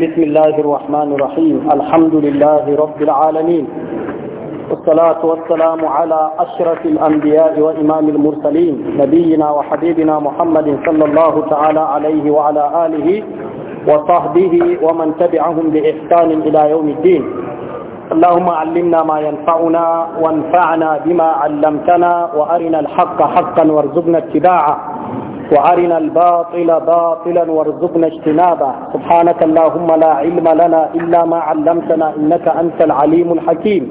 بسم الله الرحمن الرحيم الحمد لله رب العالمين والصلاة والسلام على أشرف الأنبياء وإمام المرسلين نبينا وحبيبنا محمد صلى الله تعالى عليه وعلى آله وصحبه ومن تبعهم بإحسان إلى يوم الدين اللهم علمنا ما ينفعنا وانفعنا بما علمتنا وأرنا الحق حقا وارزقنا اتباعه وارنا الباطل باطلا وارزقنا اجتنابه سبحانك اللهم لا علم لنا الا ما علمتنا انك انت العليم الحكيم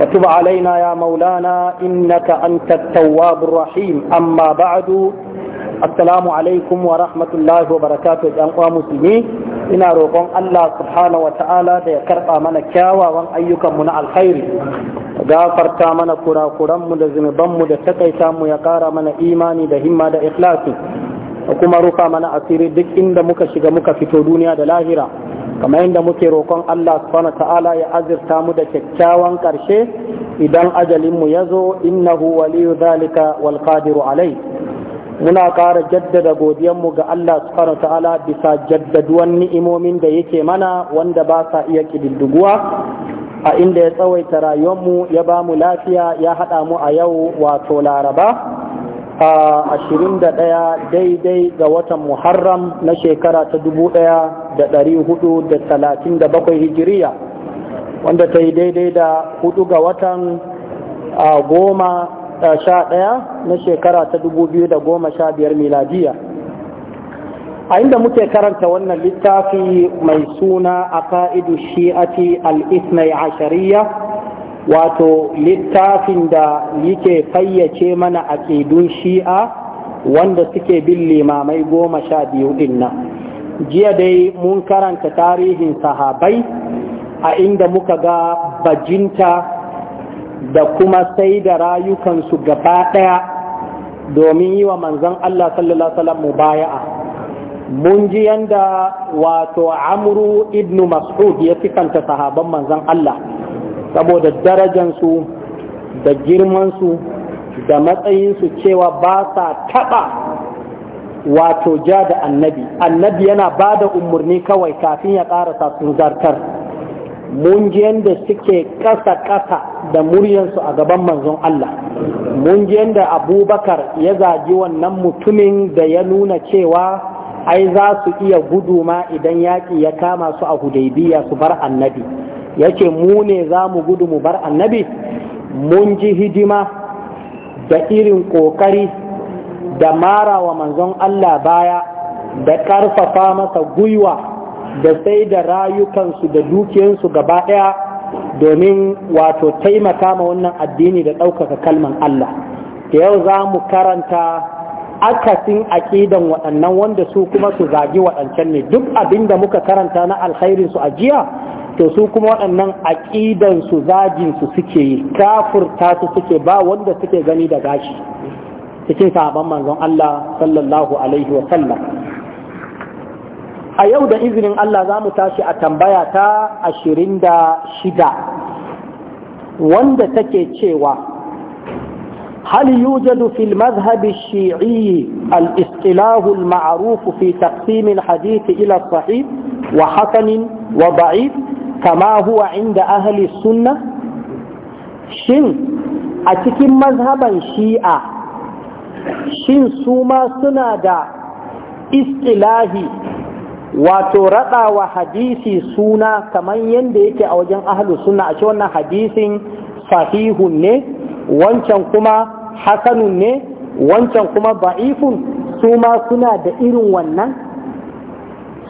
وتب علينا يا مولانا انك انت التواب الرحيم اما بعد السلام عليكم ورحمه الله وبركاته يا مسلمين ina roƙon Allah subhanahu wa ta'ala da ya karɓa mana kyawawan ayyukanmu na alkhairi gafarta mana kurakuranmu da zunubanmu da takaita mu ya kara mana imani da himma da ikhlasi da kuma rufa mana asiri duk inda muka shiga muka fito duniya da lahira kamar inda muke roƙon Allah subhanahu ta'ala ya azirta mu da kyakkyawan ƙarshe idan ajalinmu ya zo innahu waliyu zalika wal qadiru alai muna kara jaddada mu ga Allah subhanahu ta'ala bisa jaddaduwan ni'imomin da yake mana wanda ba sa iya ƙididduguwa a inda ya tsawaita rayuwarmu ya ba mu lafiya ya haɗa mu a yau wato laraba a ashirin da ɗaya daidai ga watan muharram na shekara ta dubu ɗaya da ɗari hijiriya wanda ta yi daidai da hudu ga watan goma sha ɗaya na shekara ta dubu biyu a inda muke karanta wannan littafi mai suna a ka'idu shi'ati al-isnai ashariya wato littafin da yake fayyace mana aƙidun shi'a wanda suke bin limamai goma sha biyu dinnan jiya dai mun karanta tarihin sahabai a inda muka ga bajinta da kuma sai da rayukansu gaba ɗaya domin yi wa manzon Allah sallallahu Alaihi wasallam mubaya'a mun ji yanda wato amru ibnu mas'ud ya sifanta sahaban manzon Allah saboda darajansu da girmansu da matsayinsu cewa ba sa taɓa wato ja da annabi annabi yana ba da umarni kawai kafin ya ƙarasa sun zartar mun ji yanda suke ƙasa-ƙasa da muryansu a gaban manzon Allah mun ji yanda abubakar ya zagi wannan mutumin da ya nuna cewa ai za su iya gudu ma idan yaƙi ya kama su a hudaybiya su bar annabi yace mu ne za mu gudu mu bar annabi mun ji hidima da irin ƙoƙari da mara wa manzon Allah baya da ƙarfafa masa gwiwa da sai da rayukansu da dukiyansu gaba ɗaya domin wato taimaka ma wannan addini da ɗaukaka kalman Allah da yau za mu karanta akasin aƙidan waɗannan wanda su kuma su zagi waɗancan ne duk abin da muka karanta na alkhairin su a jiya to su kuma waɗannan aƙidan su zagin su suke yi kafurta su suke ba wanda suke gani da gashi cikin sahabban manzon Allah sallallahu alaihi wa sallam a yau da izinin Allah za mu tashi a tambaya ta ashirin da shida wanda take cewa هل يوجد في المذهب الشيعي الاصطلاح المعروف في تقسيم الحديث إلى الصحيح وحسن وضعيف كما هو عند أهل السنة شن أتكم مذهبا شيعة شن سوما سنادا اصطلاحي wato raɗa wa hadisi suna kamar yadda yake a wajen ahalu suna a ce wannan hadisin sahihun ne wancan kuma hasanun ne wancan kuma ba'ifun su ma suna da irin wannan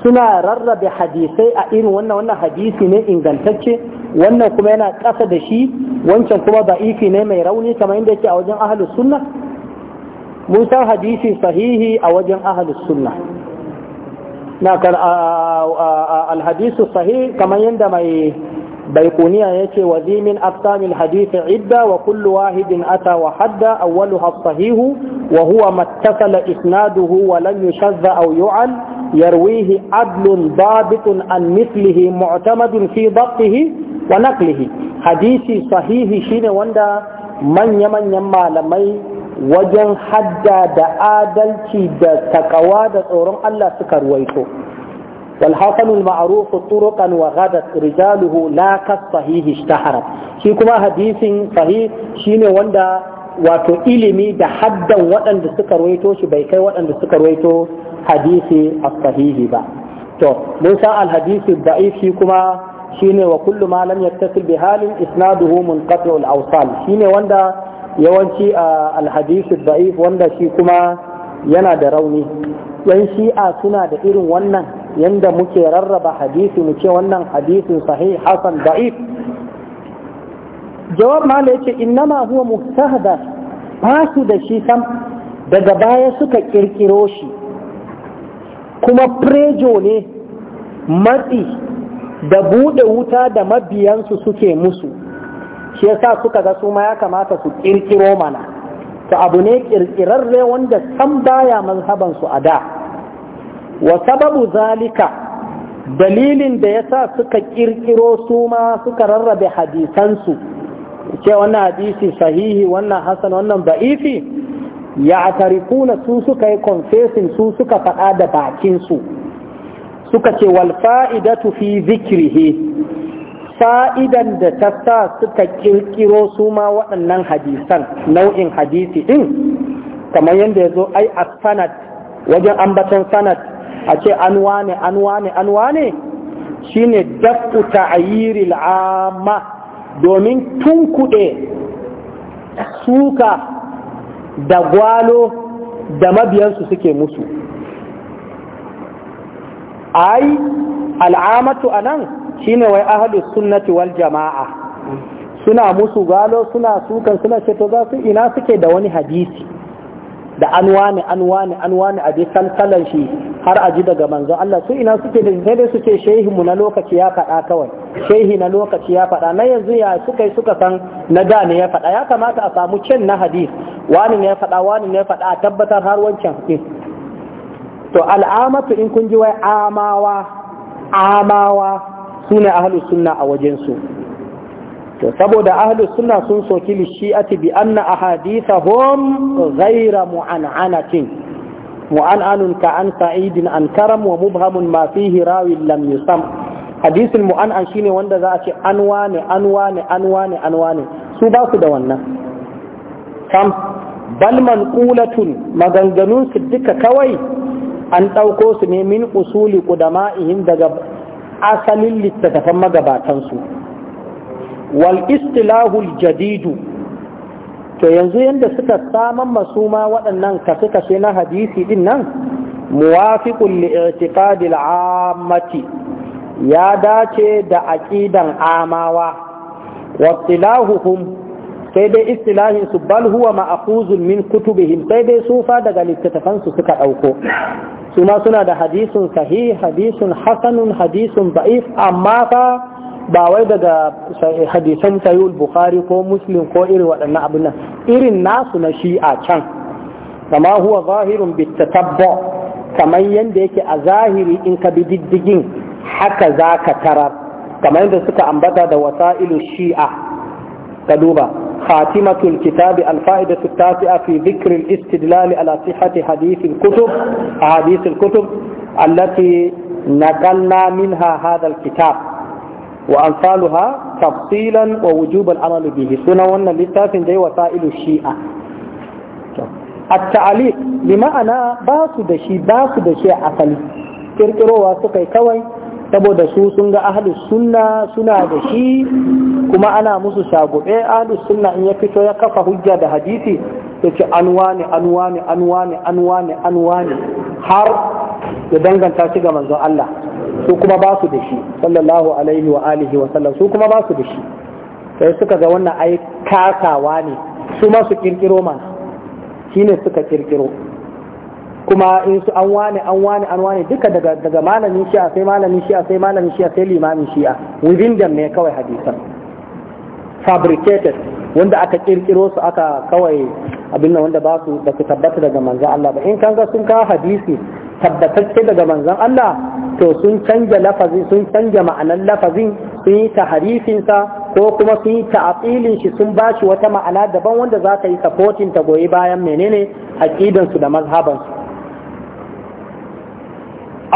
suna rarrabe hadisai a irin wannan wannan hadisi ne ingantacce wannan kuma yana ƙasa da shi wancan kuma ba'ifi ne mai rauni kamar inda yake a wajen ahalus sunna mun san hadisi sahihi a wajen ahalus sunna na kan alhadisu sahih kamar yadda mai baikuniya ya ce wa zimin aftamil hadithi idda wa kullu wahidin ata wa hadda awwalu hassahihu wa huwa mattasala isnaduhu wa lam yushadda aw yu'al yarwihi adlun babitun an mislihi mu'tamadun fi dhabtihi wa naqlihi hadisi sahihi shine wanda manya manyan malamai wajen hadda da adalci da takawa da tsoron Allah suka ruwaito والحسن المعروف طرقا وغدت Rijaluhu لا كالصحيح اشتهرت شي كما حديث صحيح شيني وندا wato ilimi da haddan waɗanda suka ruwaito shi bai kai waɗanda suka ruwaito hadisi a sahihi ba to mun alhadisi da'if shi kuma shine wa kullu malam lam yattasil bi halin isnaduhu munqati'u al-awsal shine wanda yawanci a alhadisi da'if wanda shi kuma yana da rauni yan shi'a suna da irin wannan yanda muke rarraba hadisi mu ce wannan hadisin sahih hasan da'if jawab ma yace innama huwa muhtahada ba su da shi sam daga baya suka kirkiro shi kuma prejo ne matsi da bude wuta da mabiyansu suke musu shi yasa suka ga su ma ya kamata su kirkiro mana to abu ne kirkirarre wanda sam baya mazhabansu a da wa sababu zalika dalilin da yasa suka kirkiro su ma suka rarrabe hadisansu ce wannan hadisi sahihi wannan hasan wannan ba'ifi ya tarikuna su suka yi confessing su suka faɗa da bakinsu suka ce wal fa'idatu fi zikrihi fa'idan da ta sa suka kirkiro su ma waɗannan hadisan nau'in hadisi ɗin kamar yadda ya zo ai a sanad wajen ambaton sanad a ce an wane an wane an wane shine dafu ta'ayiril amma domin tunkuɗe suka da gwalo da mabiyansu suke musu ai al'amatu a nan shine wai ahalus sunnati wal jama'a suna musu gwalo, suna sukan suna ce to za su ina suke da wani hadisi da an wani an an a dai kalkalan shi har a ji daga manzon Allah su ina suke da sai dai suke shehi mu na lokaci ya faɗa kawai shehi na lokaci ya faɗa na yanzu ya suka suka san na da ne ya faɗa ya kamata a samu cin na hadis wani ne ya faɗa wani ne ya faɗa a tabbatar har wancan hadis to al'amatu in kun ji wai amawa amawa sune ahlus sunna a wajen su to saboda ahlus sunna sun soki lishi'ati bi anna ahadithahum ghayra mu'an'anatin mu'an'anun ka an sa'idin an karam wa mubhamun ma fihi rawi lam yusam hadisin mu'an'an shine wanda za a ce an wane an wane an wane an wane su ba su da wannan kam bal qulatun maganganun su duka kawai an ɗauko su ne min usuli qudama'ihim daga asalin littattafan su. wal istilahul jadidu to yanzu yadda suka saman masuma waɗannan kashe-kashe na hadisi din nan muwafiqul li'tiqadil ammati ya dace da aqidan amawa wa sai dai istilahin su bal huwa ma'khuzun min kutubihim sai dai sufa daga littattafan su suka dauko suma suna da hadisun sahih hadisun hasanun hadisun da'if amma fa ba wai daga hadisan sayul bukhari ko muslim ko irin waɗannan abin nan irin nasu na shi'a can kama huwa zahirun bittatabba kamar yadda yake a zahiri in ka bi diddigin haka za ka tarar kamar yadda suka ambata da wasa'ilu shi'a ka duba خاتمة الكتاب الفائدة التاسعة في ذكر الاستدلال على kutub حديث الكتب kutub الكتب التي min ha هذا kitab. wa ha tafsilan wa wujuban amalu bihi sunan wannan littafin dai wasailu shi'a a ta'ali bi ma'ana ba su da shi ba su da shi asali kirkirowa su yi kawai saboda su sun ga ahlus sunna suna da shi kuma ana musu shagube ahlus suna in ya fito ya kafa hujja da hadisi ya ce an wani an wani an wani an wani har ya danganta shi ga manzon Allah su kuma ba su da shi sallallahu alaihi wa alihi wa sallam su kuma ba su da shi sai suka ga wannan ai kasawa ne su ma su kirkiro mana shine suka kirkiro kuma in su an wane an wane an wane duka daga daga malamin shi'a sai malamin shi'a sai malamin shi'a sai limamin shi'a within them ne kawai hadisan fabricated wanda aka kirkiro su aka kawai abin wanda ba su da su tabbata daga manzan Allah ba in kanga sun kawo hadisi tabbatacce daga manzan Allah to sun canja lafazi sun canja ma'anan lafazin sun yi taharifinsa ko kuma sun yi ta'atilin shi sun ba shi wata ma'ana daban wanda za ta yi supporting ta goyi bayan menene aqidansu da mazhabansu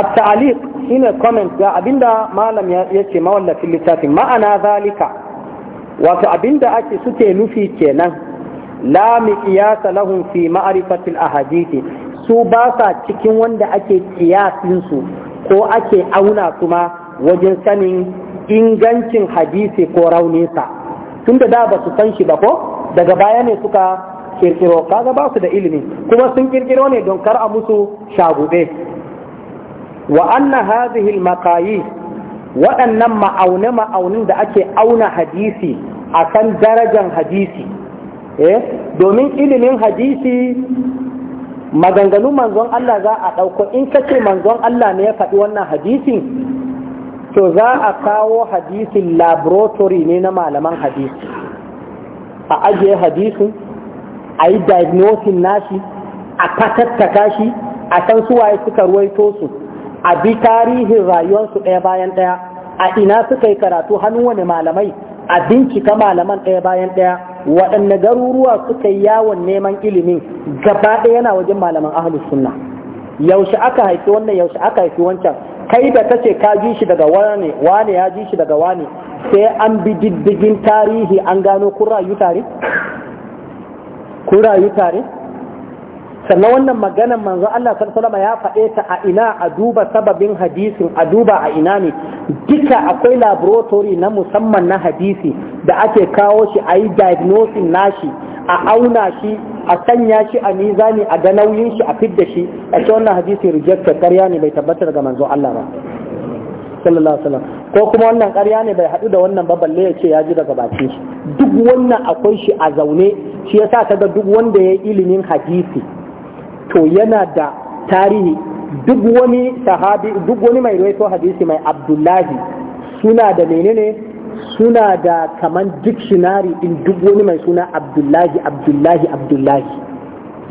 at-ta'liq shine comment ga abinda malam ya ce mawallafin littafin ma'ana zalika wato abinda ake suke nufi kenan la miqyasa lahum fi ma'rifati al-ahadith su ba sa cikin wanda ake kiyasin su ko ake auna kuma wajen sanin ingancin hadisi ko rauninsa tunda da ba su san shi ba ko daga baya ne suka kirkiro kaga ba su da ilimi kuma sun kirkiro ne don kar a musu shagube wa anna hadhihi al waɗannan ma'aune ma'aunin da ake auna hadisi akan darajan hadisi eh domin ilimin hadisi maganganu manzon Allah za a ɗauko in kace manzon Allah ne ya faɗi wannan hadisin to za a kawo hadisin laboratory ne na malaman hadisi a ajiye hadisin a yi diagnosis nashi a fatattaka shi a san suwaye suka ruwaito su a bi tarihin rayuwarsu ɗaya bayan ɗaya a ina suka yi karatu hannu wani malamai a bincika malaman ɗaya bayan ɗaya waɗanne garuruwa suka yi yawon neman ilimin gaba ɗaya yana wajen malaman ahlus sunna yaushe aka haifi wannan yaushe aka haifi wancan kai da kace ka ji shi daga wane wane ya ji shi daga wane sai an bi diddigin tarihi an gano kun rayu tare sannan wannan maganan manzo Allah sallallahu ya faɗe ta a ina a duba sababin hadisin a duba a ina ne duka akwai laboratory na musamman na hadisi da ake kawo shi a yi diagnosing nashi a auna shi a sanya shi a mizani a ga nauyin shi a fidda shi a ce wannan hadisi rejected ƙarya ne bai tabbatar ga manzo Allah ba sallallahu alaihi ko kuma wannan ƙarya ne bai haɗu da wannan ba balle ya ce ya ji daga bakin shi duk wannan akwai shi a zaune shi yasa ga duk wanda ya yi ilimin hadisi to yana da tarihi duk wani sahabi duk wani mai rawaito hadisi mai abdullahi suna da menene suna da kaman dictionary din duk wani mai suna abdullahi abdullahi abdullahi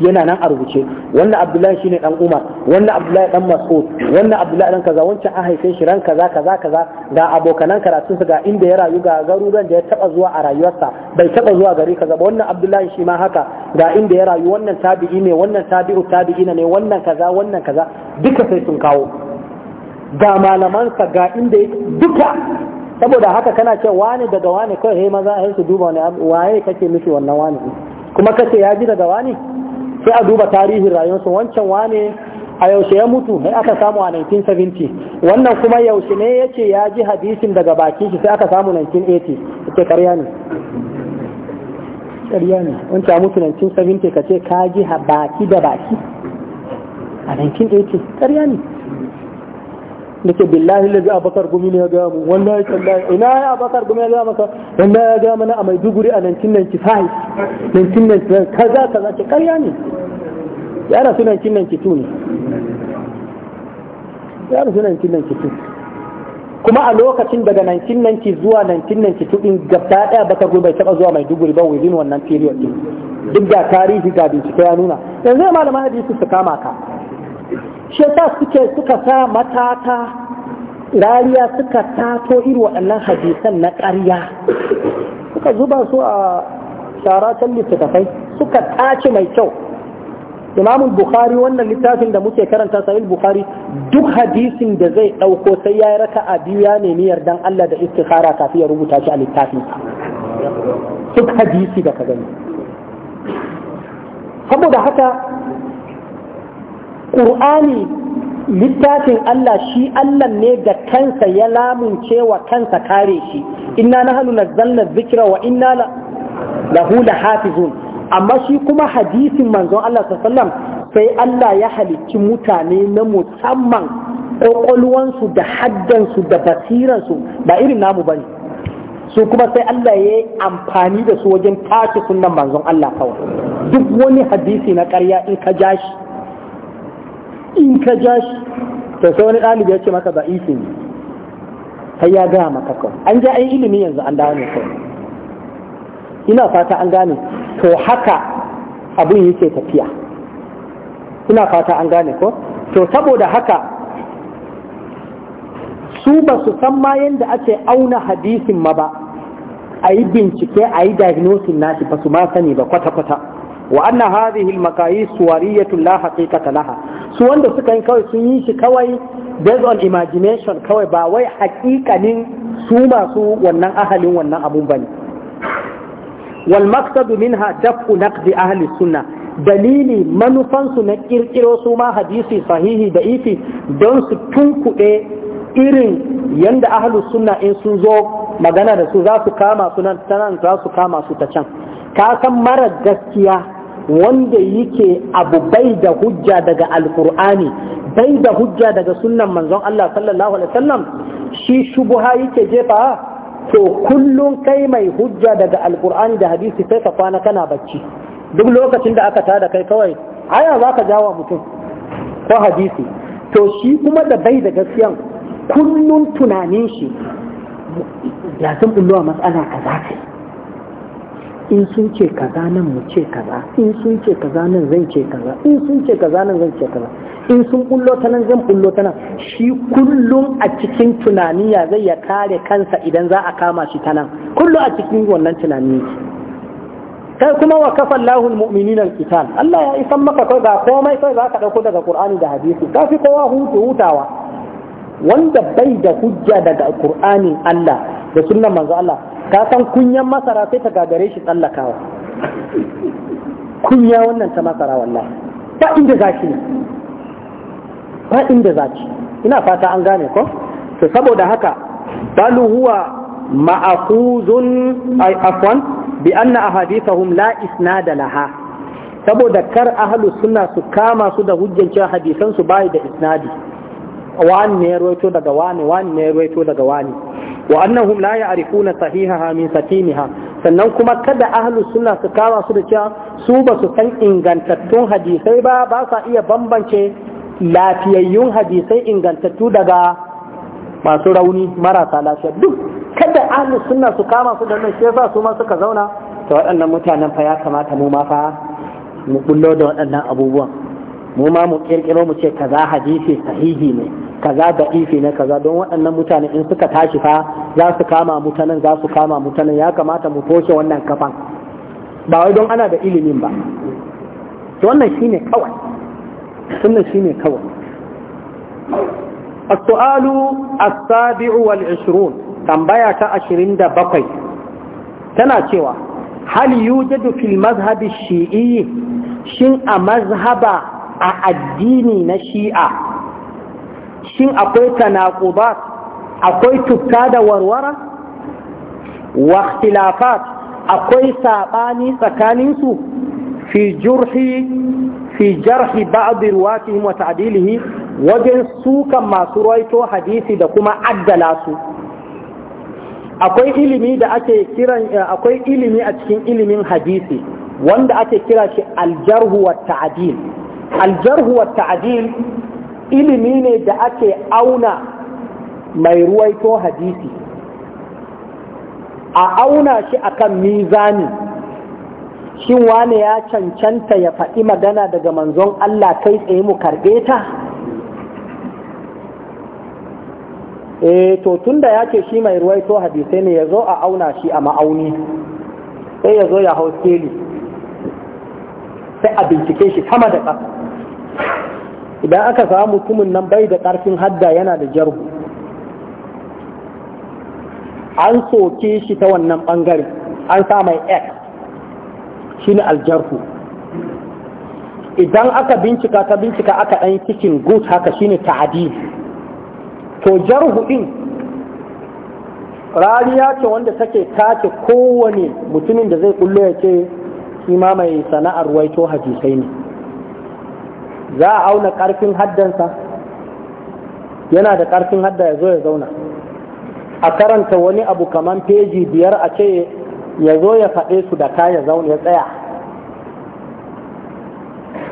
yana nan a rubuce wannan abdullahi shine dan umar wannan abdullahi dan mas'ud wannan abdullahi dan kaza wancan an haife shi ran kaza kaza kaza ga abokanan su ga inda ya rayu ga garuruwan da ya taba zuwa a rayuwarsa bai taba zuwa gari kaza ba wannan abdullahi shi ma haka ga inda ya rayu wannan tabi'i ne wannan tabi'u tabi'ina ne wannan kaza wannan kaza duka sai sun kawo ga malamansa ga inda duka saboda haka kana ce wani daga wani kawai he maza a su duba wani waye kake nufi wannan wani kuma kace ya ji daga wani sai a duba tarihin rayuwarsa wancan wane a yaushe ya mutu sai aka samu a 1970 wannan kuma yaushe ne ya ce ya ji hadisin daga bakin shi sai aka samu 1980 ita karya ne karya ne wancan ya mutu 1970 ka ce ka ji baki da baki a 1980 karya ne nake billahi lazi abakar gumi ne ya ga mu wallahi tallahi ina ya abakar gumi ya ga maka wanda ya ga mana a maiduguri a 1995 1995 kaza kaza ce karya ne ya rasu 1992 ne ya rasu 1992 kuma a lokacin daga 1990 zuwa 1992 din gaba daya bakar gumi bai taba zuwa maiduguri ba within wannan period din duk da tarihi ga bincike ya nuna yanzu ya malama hadisi su kama ka shi suke suka sa matata rariya suka tato iri waɗannan hadisan na ƙarya suka zuba su a can littattafai suka tace mai kyau imamun bukhari wannan littafin da muke karanta sahih bukhari duk hadisin da zai ɗauko sai ya yi raka a biyu ya nemi yardan Allah da istikhara kafin ya rubuta shi a littafin duk hadisi da ka gani saboda haka Kur'ani littafin Allah shi Allah ne ga kansa ya lamunce wa kansa kare shi ina na hannu na zanna zikira wa inna lahu hafi hafizun amma shi kuma hadisin manzon Allah sallam sai Allah ya halicci mutane na musamman ƙwaƙwalwansu da haddansu da basiransu ba irin namu ne, su kuma sai Allah ya yi amfani da su wajen tashi sunan manzon Allah kawai duk wani hadisi na ƙarya in ka ja shi in ka ja shi to sai wani ɗalibi ya ce maka ba isi ne sai ya gaya maka kawai an ja an ilimi yanzu an dawo ne kawai ina fata an gane to haka abin yake tafiya ina fata an gane ko to saboda haka su ba su san ma yadda ake auna hadisin ma ba a yi bincike a yi diagnosis nashi ba su ma sani ba kwata-kwata wa anna hadhihi al-maqayis suwariyatun la haqiqata laha su wanda suka yi kawai sun yi shi kawai based on imagination kawai ba wai haƙiƙanin su masu wannan ahalin wannan abun bane wal maqsadu minha daf'u naqdi ahli sunna dalili manufansu na kirkiro su ma hadisi sahihi da ifi don su tunkuɗe irin yanda ahlus sunna in sun zo magana da su za su kama su nan za su kama su ta can ka san mara gaskiya wanda yake abu bai da hujja daga alkur'ani bai da hujja daga sunan manzon Allah sallallahu alaihi wasallam shi shubuha yake jefa to kullum kai mai hujja daga alkur'ani da hadisi sai ka kwana kana bacci duk lokacin da aka tada kai kawai aya za jawa mutum ko hadisi to shi kuma da bai da gaskiyan kullum tunanin shi ya san bullowa matsala kaza ce in sun ce kaza nan mu ce kaza in sun ce kaza nan zan ce kaza in sun ce kaza nan zan ce kaza in sun kullo ta nan zan kullo ta nan shi kullum a cikin tunaniya zai ya kare kansa idan za a kama shi ta nan kullum a cikin wannan tunani kai kuma wa kafa Allahul mu'minina al-qital Allah ya isan maka kai ga komai kai zaka dauko daga Qur'ani da hadisi kafi kowa hutu hutawa wanda bai da hujja daga Qur'anin Allah da sunan manzo Allah ka san kunyan masara sai ta gagare shi tsallakawa kunya wannan ta masara wallahi ba inda zaki ne ba inda zaki ina fata an gane ko to saboda haka balu huwa ma'akuzun ay afwan bi anna ahadithahum la isnada laha saboda kar ahlus sunna su kama su da hujjan cewa hadisan su bai da isnadi wani ne ruwaito daga wani wani ne ruwaito daga wani wa annahum la ya'rifuna sahihaha min satimiha sannan kuma kada ahlu sunna su kawa su da cewa su ba su san ingantattun hadisai ba ba sa iya bambance lafiyayyun hadisai ingantattu daga masu rauni marasa lafiya duk kada ahlu sunna su kama su da shi su ma suka zauna to waɗannan mutanen fa ya kamata mu ma fa mu kullo da waɗannan abubuwan mu ma mu kirkiro mu ce kaza hadisi sahihi ne kaza da'ifi ne kaza don waɗannan mutane in suka tashi fa za su kama mutanen za su kama mutanen ya kamata mu toshe wannan kafan ba wai don ana da ilimin ba to wannan shine kawai wannan shine kawai السؤال السابع والعشرون تنبية عشرين دبقي تنا cewa هل يوجد في المذهب الشيعي shin a mazhaba a addini na shi'a shin akwai tanaqubat akwai tukka da warwara wa ikhtilafat akwai saɓani tsakaninsu fi jurhi fi jarhi ba'd riwayatihim wa ta'dilihi wajen sukan masu rawaito hadisi da kuma addala su akwai ilimi da ake kiran akwai ilimi a cikin ilimin hadisi wanda ake kira shi aljarhu wa ta'dil aljarhu wa ta'dil ilimi ne da ake auna mai ruwaito hadisi a auna shi akan mizani shin wane ya cancanta ya faɗi magana daga manzon Allah kai tsaye mu karɓe ta eh to tunda ya ce shi mai ruwaito hadisai ne ya zo a auna shi a ma'auni sai ya zo ya hau sai a bincike shi sama da ƙasa idan aka samu mutumin nan bai da ƙarfin hadda yana da jarhu an soke shi ta wannan bangare, an sa mai x shi ne aljarhu idan aka bincika ta bincika aka ɗan cikin gut haka shi ne ta'adil to jarhu ɗin rariya ce wanda take tace kowane mutumin da zai kullo ya ce shi ma mai sana'ar waito hadisai ne za a auna ƙarfin haddansa yana da ƙarfin hadda ya zo ya zauna a karanta wani abu kamar peji biyar a ce ya zo ya faɗe su da kaya zauna ya tsaya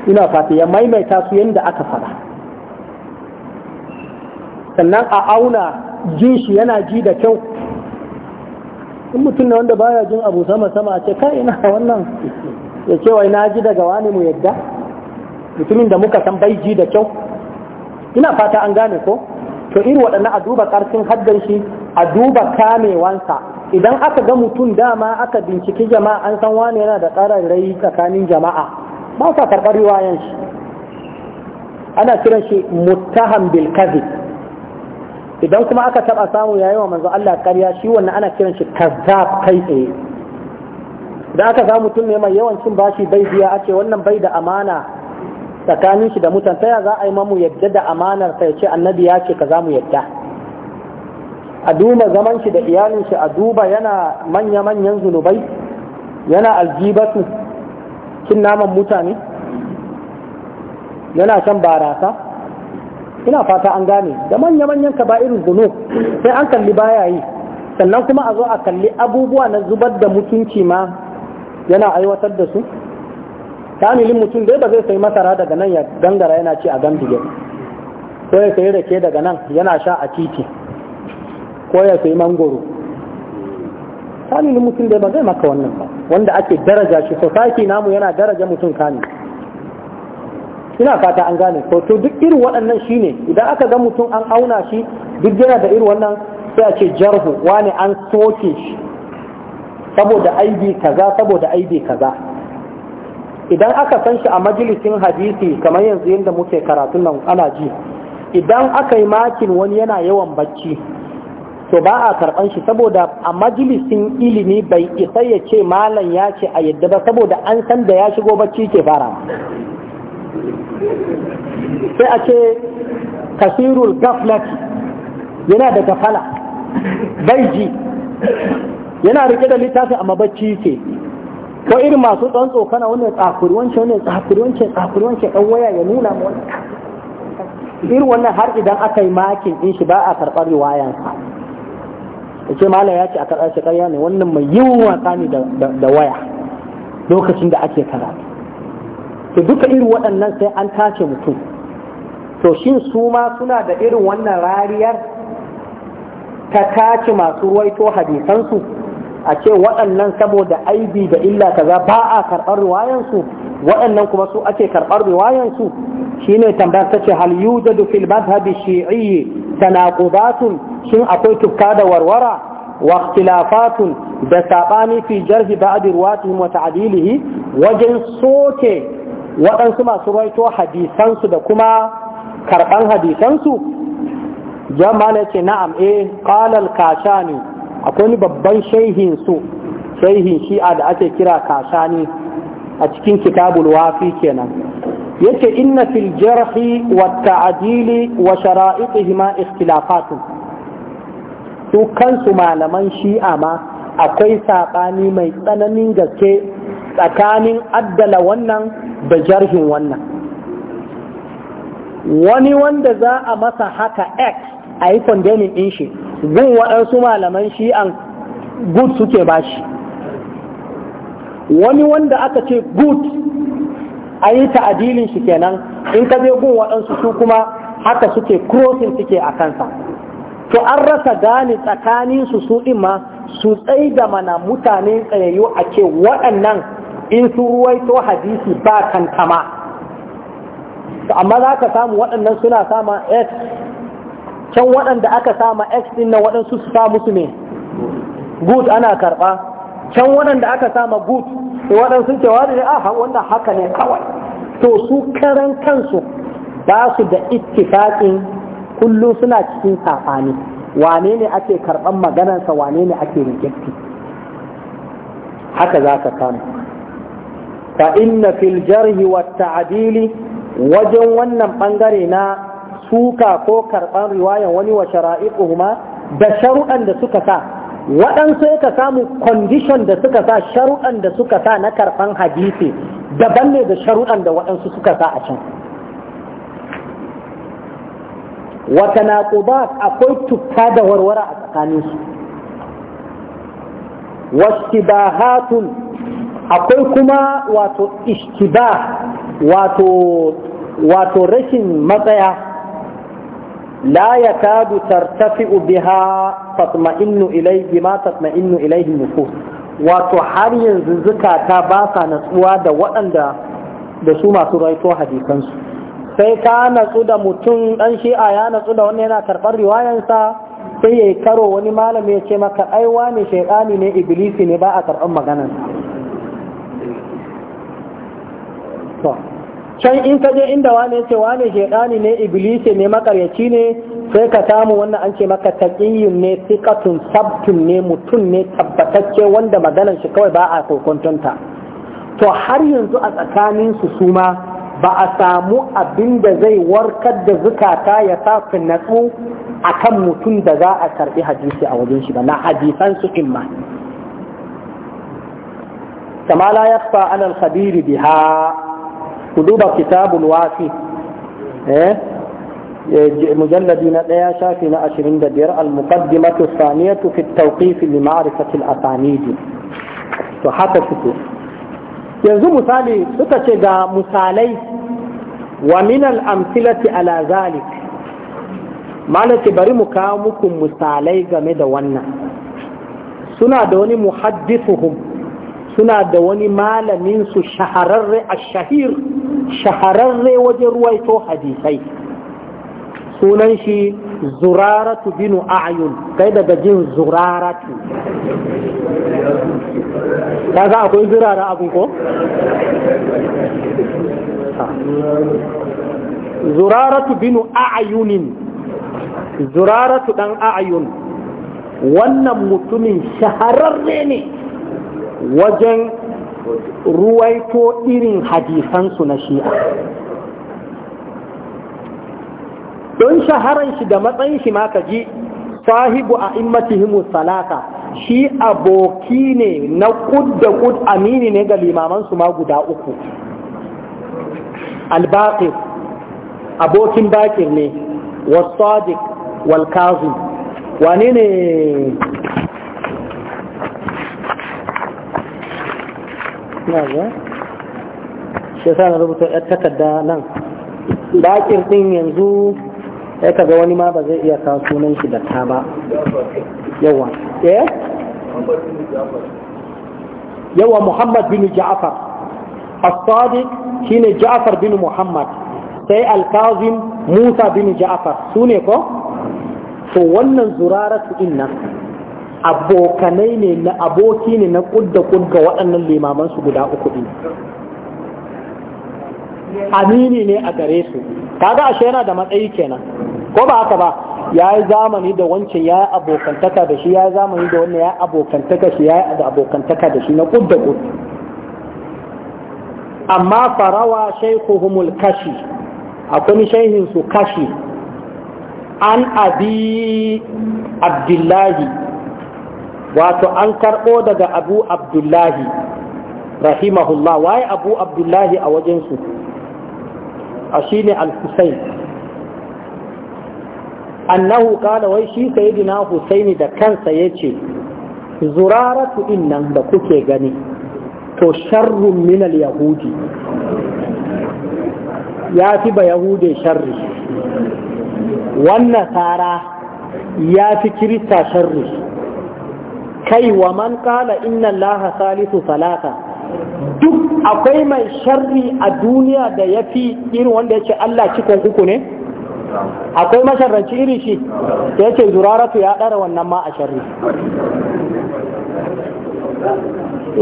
ina fata ya maimaita su yadda aka faɗa sannan a auna jin shi yana ji da kyau in mutum na wanda baya jin abu sama sama a ce kai ina wannan ya ce wai na ji daga wani mu yadda mutumin da muka san bai ji da kyau ina fata an gane ko to irin waɗannan a duba ƙarfin haddan shi a duba kamewansa idan aka ga mutum dama aka binciki jama'a an san wani yana da rai tsakanin jama'a ba sa karɓar riwayan shi ana kiran shi muttaham bil idan kuma aka taɓa samu yayi wa manzo Allah ƙarya shi wannan ana kiran shi kazzab kai tsaye idan aka samu mutum ne mai yawan cin bashi bai biya ake wannan bai da amana tsakanin shi da mutan ta za a yi mamu yadda da amanar sa ya ce annabi ya ce ka za mu yadda a duba zaman shi da iyalin shi a duba yana manya-manyan zunubai yana aljibatu cin naman mutane yana shan barasa ina fata an gane da manya-manyan ka ba irin zunub sai an kalli baya sannan kuma a zo a kalli abubuwa na zubar da mutunci ma yana aiwatar da su kamilin mutum dai ba zai sai masara daga nan ya gangara yana ci a gandige ko ya sai rake daga nan yana sha a titi ko ya sai mangoro kamilin mutum dai ba zai maka wannan ba wanda ake daraja shi society namu yana daraja mutum kani ina fata an gane ko to duk irin waɗannan shine idan aka ga mutum an auna shi duk yana da irin wannan sai a ce jarhu wani an soke shi saboda aibi kaza saboda aibi kaza idan aka san shi a majalisin hadisi kamar yanzu yadda muke karatu nan ana ji idan aka yi makin wani yana yawan bacci to ba a karɓan shi saboda a majalisin ilimi bai isa ya ce malam ya ce a yadda ba saboda an san da ya shigo bacci ke fara sai a ce kasirul gaflat yana da gafala bai ji yana rike da littafi a mabacci ke ko irin masu ɗan tsokana wani tsakuri wance wani tsakuri wance tsakuri wance ɗan waya ya nuna mu wani irin wannan har idan aka yi makin in shi ba a karɓar sa. ya ce mala ya ce a karɓar shi ƙarya ne wannan mai yin wasa ne da waya lokacin da ake karatu to duka irin waɗannan sai an tace mutum to shin su ma suna da irin wannan rariyar ta tace masu ruwaito hadisansu a ce waɗannan saboda aibi da illa kaza ba a karɓar riwayansu waɗannan kuma su ake karɓar riwayansu shine tambayar ta ce hal yujadu fil madhhabi shi'iyyi tanaqudatun shin akwai tukka da warwara wa ikhtilafatun da sabani fi jarhi ba'd ruwatihim wa ta'dilihi wajen soke waɗansu masu rawaito hadisansu da kuma karɓan hadisansu jama'a ne ce na'am eh qala al-kashani akwai wani babban shaihin su shaihin shi'a da ake kira kashani a cikin kitabul wafi kenan yace inna fil jarhi wa ta'dili wa shara'itihima ikhtilafatun su kansu malaman shi'a ma akwai saɓani mai tsananin gaske tsakanin addala wannan da jarhin wannan wani wanda za a masa haka x a yi condemning in shi gun waɗansu malaman shi'an good suke bashi wani wanda aka ce good a yi ta'adilin shi kenan in ka je gun waɗansu su kuma haka suke crossing suke a kansa to an rasa gane tsakanin su su ma su tsai da mana mutane tsayayyu a ce waɗannan in su ruwaito hadisi ba kankama amma za ka samu waɗannan suna sama can waɗanda aka sama x ɗin na waɗansu su sa musu ne good ana karɓa can waɗanda aka sama good waɗansu ce waɗanda ne a ah, wannan haka ne kawai to su karan kansu ba su da ittifaqin kullum suna cikin safani wane ne ake karɓan maganarsa wane ne ake rikirki haka za ka kama fa inna fil jarhi wa ta'dili wajen wannan bangare na suka ko karban riwayan wani wa shara'iquhuma da sharuɗan da suka sa waɗansu ya samu condition da suka sa sharuɗan da suka sa na karɓan hadisi daban ne da sharuɗan da waɗansu suka sa a can wata naƙubat akwai tukka da warwara a tsakaninsu wastibahatun akwai kuma wato ishtibah wato rashin matsaya la ya kadu tartafi'u biha tatma'innu ilayhi ma tatma'innu ilayhi nufus wato har yanzu zukata ba sa da su masu raito hadisansu sai ka natsu da mutum ɗan shi'a ya natsu da wanda yana karɓar riwayansa sai ya yi karo wani malami ya ce maka ai wani shaiɗani ne iblisi ne ba a karɓar maganan can in ka je inda wane ce wane shaidani ne iblisi ne makaryaci ne sai ka samu wannan an ce maka taqiyyun ne sikatun sabtun ne mutum ne tabbatacce wanda maganar shi kawai ba a kokontonta to har yanzu a tsakanin su suma ba a samu abin da zai warkar da zukata ya sa natsu kan mutum da za a karɓi hadisi a wajen shi ba na hadisan su imma kama la ya ala biha كتب كتاب الوافي إيه؟ مجلد نقيا شافي نقشر عند دير المقدمة الثانية في التوقيف لمعرفة الأسانيد وحتى كتب ينزو مثالي ستشد مسالي ومن الأمثلة على ذلك ما لك بري مكامكم مثالي جميد ونا سنا دوني محدثهم suna da wani malamin su shahararre a shahir shahararre wajen ruwaito hadisai sunan shi zuraratu binu ayun kai daga jin zuraratu ya za akwai zirara abu ko? zuraratu binu ayunin zuraratu dan ayun wannan mutumin shahararre ne wajen ruwaito irin hadisansu na shi'a don shaharan shi da matsayin shi ma ka ji sahibu a immatihimu salata shi aboki ne na kud da kud amini ne ga limamansu ma guda uku albaqir abokin bakir ne wasadiq sadiq kazim wane ne na shi yasa na rubuta yar takarda nan bakin ɗin yanzu ya kaga wani ma ba zai iya kawo sunan shi da ta ba yawa eh yawa muhammad bin ja'far as-sadiq shine ja'far bin muhammad sai al-kazim musa bin ja'far sune ko to wannan zuraratu nan. abokanai ne na aboki ne na kudda kudga waɗannan limaman su guda uku ɗin amini ne a gare su kaga ashe yana da matsayi kenan ko ba haka ba ya yi zamani da wancan ya yi abokantaka da shi ya yi zamani da wannan ya yi abokantaka shi ya yi da abokantaka da shi na kudda kudda amma farawa shaikuhumul kashi akwai shaihin su kashi an abi abdullahi wato an karɓo daga abu abdullahi rahimahullah waye abu abdullahi a wajensu a shi ne al annahu kala wai shi sayidina husaini da kansa ya ce zuraratu innan da kuke gani to sharrun minal yahudi ya fi ba yahude sharri wannan tsara ya fi kirista sharri kai wa man kala inna laha salisu salata duk akwai mai sharri a duniya da ya fi irin wanda ya ce Allah cikin uku ne akwai masharranci irin shi da ya ce zuraratu ya ɗara wannan ma a sharri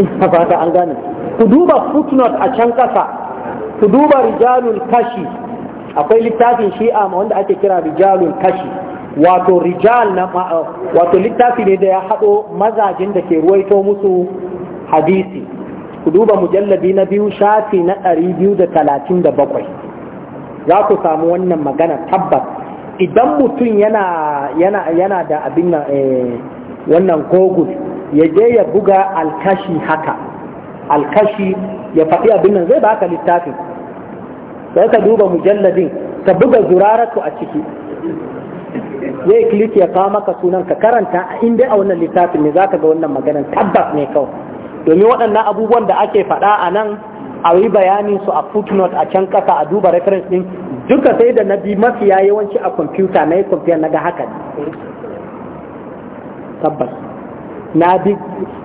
an gane ku duba footnote a can ƙasa ku duba rijalul kashi akwai littafin shi'a ma wanda ake kira rijalul kashi wato rijal na uh, wato littafi ne da ya haɗo mazajin da ke ruwaito musu hadisi ku duba mujallabi na biyu shafi na ɗari biyu da talatin da bakwai za ku samu wannan magana tabbas idan mutum yana da abin na eh, wannan google ya je ya buga alkashi haka alkashi ya faɗi abin nan zai baka littafin sai ka duba mujalladin ka buga zuraratu a ciki zai click ya kawo maka sunan ka karanta in dai a wannan littafin ne ka ga wannan maganan tabbas ne kawai domin waɗannan abubuwan da ake faɗa a nan a yi bayanin su a footnote a can ƙasa a duba reference din duka sai da na bi yi yawanci a kwamfuta na yi kwamfiyar na ga haka tabbas na bi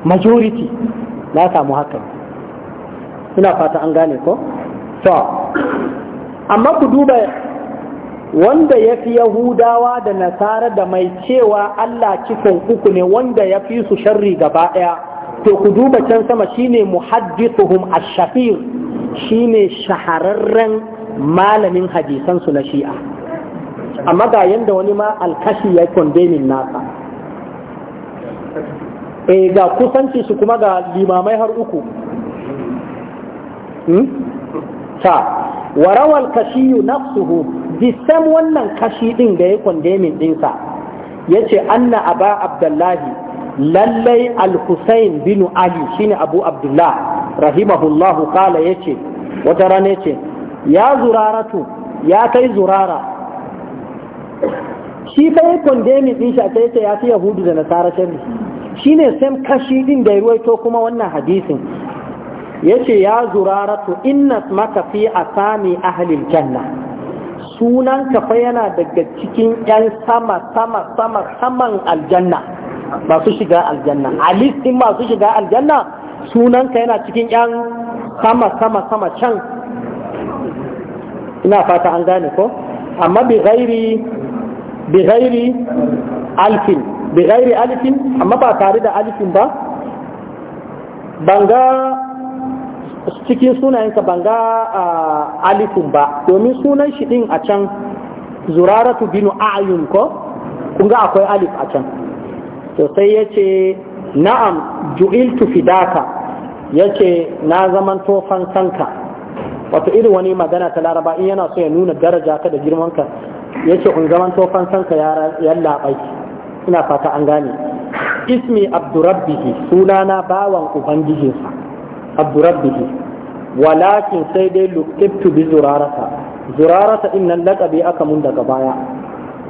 majority na samu haka ina fata an gane ko amma ku duba wanda ya fi yahudawa da nasara da mai cewa Allah kifin uku ne wanda ya fi su sharri gaba ɗaya to ku duba can sama shine muhaddithuhum ash-shafir shine shahararren malamin hadisan su na shi'a amma ga yadda wani ma alkashi ya kondemin nasa E, ga kusanci su kuma ga limamai har uku hmm? ta warawal kashiyu nafsuhu disam wannan kashi din da ya kwandemin dinsa ya ce anna aba abdullahi lallai al-husayn bin ali shine abu abdullah rahimahullahu kala ya ce wata rana ya ce ya zuraratu ya kai zurara shi fa ya kwandemin din shi a ta ya fi yahudu da nasara Shi ne sam kashi din da ya ruwaito kuma wannan hadisin Ya ce ya zuraratu inna maka fi sami ahalin janna sunan ka fa yana daga cikin yan sama sama sama saman aljanna masu shiga aljanna a listin masu shiga aljanna sunan ka yana cikin yan sama sama sama can ina fata an gane ko amma bi ghairi bi ghairi alfin bi ghairi alfin amma ba tare da alfin ba banga cikin sunayenka ban ga alifun ba domin sunan shi din a can zuraratu binu a'yun ko kun ga akwai alif a can to sai ya na'am ju'iltu fidaka ya ce na zaman tofan sanka wato irin wani magana ta laraba in yana so ya nuna daraja ka da girman ka ya ce kun zaman tofan sanka ya labai ina fata an gane ismi abdurabbihi sunana bawan ubangijinsa abdurabbihi walakin sai dai lukittu bi zurarata zurarata din nan laqabi aka mun daga baya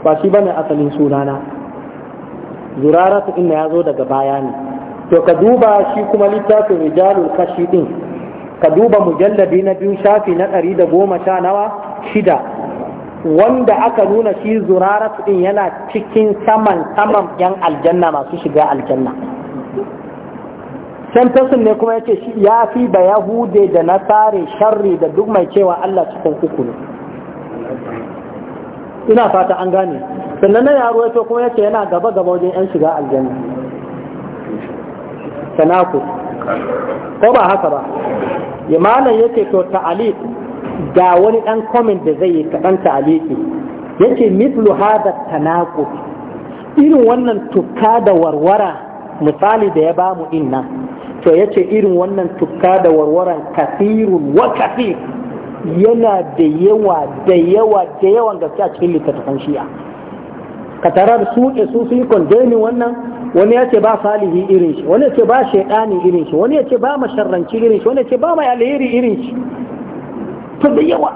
ba shi bane asalin sunana zurarata din ya zo daga baya ne to ka duba shi kuma littafin rijalul kashi ɗin, ka duba mujalladi na biyu shafi na ɗari da goma sha nawa shida wanda aka nuna shi zurarata ɗin yana cikin saman saman yan aljanna masu shiga aljanna can fesin ne kuma ya shi ya fi da yahude da nasare sharri da duk mai cewa Allah cikin uku ne ina fata an gane sannan na yaro ya kuma ya ce yana gaba gaba wajen yan shiga aljanna tanaku ko ba haka ba imanan ce to ta'ali ga wani dan comment da zai yi kadan ta'aliki ce mislu hada tanaku irin wannan tuka da warwara misali da ya bamu inna to yace irin wannan tukka da warwaran kafirun wa kafir yana da yawa da yawa da yawan gaske a cikin littattafan shi'a ka tarar su ne su su yi kondemin wannan wani ya ce ba salihi irin shi wani ya ce ba shaidani irin shi wani ya ce ba masharranci irin shi wani ya ce ba mai alheri irin shi to da yawa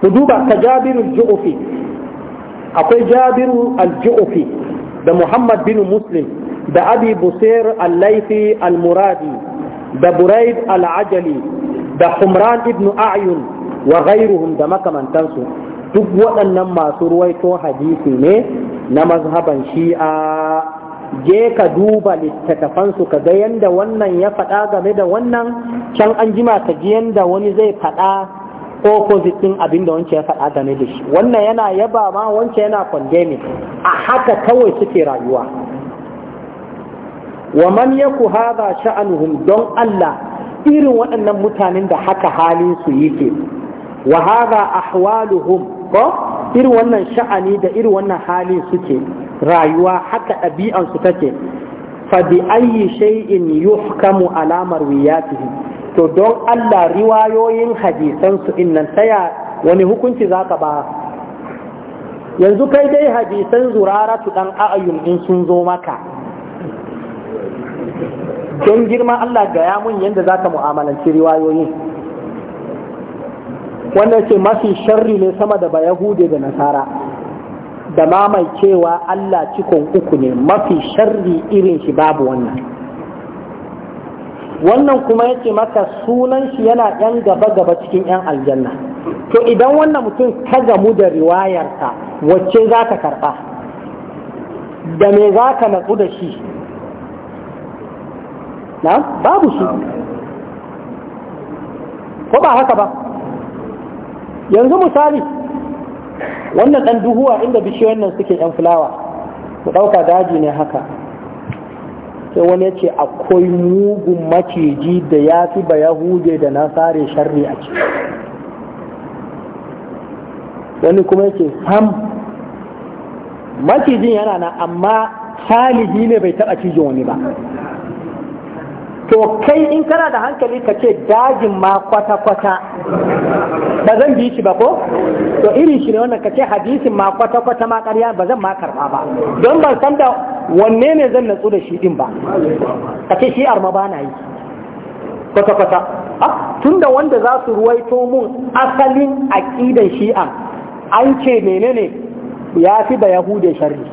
ku duba ka jabiru ju'ufi akwai jabiru al-ju'ufi da muhammad bin muslim da abi busair al-laifi al-muradi da buraid al-ajali da humran ibn a'yun wa ghairuhum da makamantansu duk waɗannan masu ruwaito hadisi ne na mazhaban shi'a je ka duba littattafansu ka ga yanda wannan ya faɗa game da wannan can an jima ka ji yanda wani zai faɗa opposite ɗin abin da wancan ya faɗa game da shi wannan yana yaba ma wancan yana condemning a haka kawai suke rayuwa wa man yaku hadha sha'anuhum don Allah irin waɗannan mutanen da haka halin su yake wa hadha ahwaluhum ko irin wannan sha'ani da irin wannan halin suke rayuwa haka ɗabi'an su take fa bi ayyi shay'in yuhkamu ala marwiyatihi to don Allah riwayoyin hadisan su innan taya wani hukunci zaka ba yanzu kai dai hadisan zuraratu dan a'ayun in sun zo maka don girma Allah gaya mun yadda za ka mu'amalanci riwayoyin wannan ce mafi sharri ne sama da bayahude da nasara da mamai cewa Allah cikon uku ne mafi sharri irin shi babu wannan wannan kuma yake maka sunan shi yana yan gaba gaba cikin yan aljanna to idan wannan mutum ka gamu da riwayarsa wacce za ka karɓa da me za ka natsu da shi na babu su ko ba haka ba yanzu misali wannan ɗan duhuwa inda bishiyoyin nan suke ‘yan fulawa ku ɗauka daji ne haka sai wani yace akwai mugun maciji da ya fi ba yahude da na sare sharri a ciki wani kuma yace sam macijin yana na amma salihi ne bai taɓa cijin wani ba to kai in kana da hankali ka ce dajin ma kwata-kwata ba zan bi shi ba ko to irin shi ne wannan ka ce hadisin ma kwata-kwata ma karya ba zan ma karba ba don ban san da wanne ne zan natsu da shi din ba ka ce shi arma ba na yi kwata-kwata tun da wanda za su ruwaito mun asalin aƙidan shi'a an ce menene ya fi ba yahude shari'a,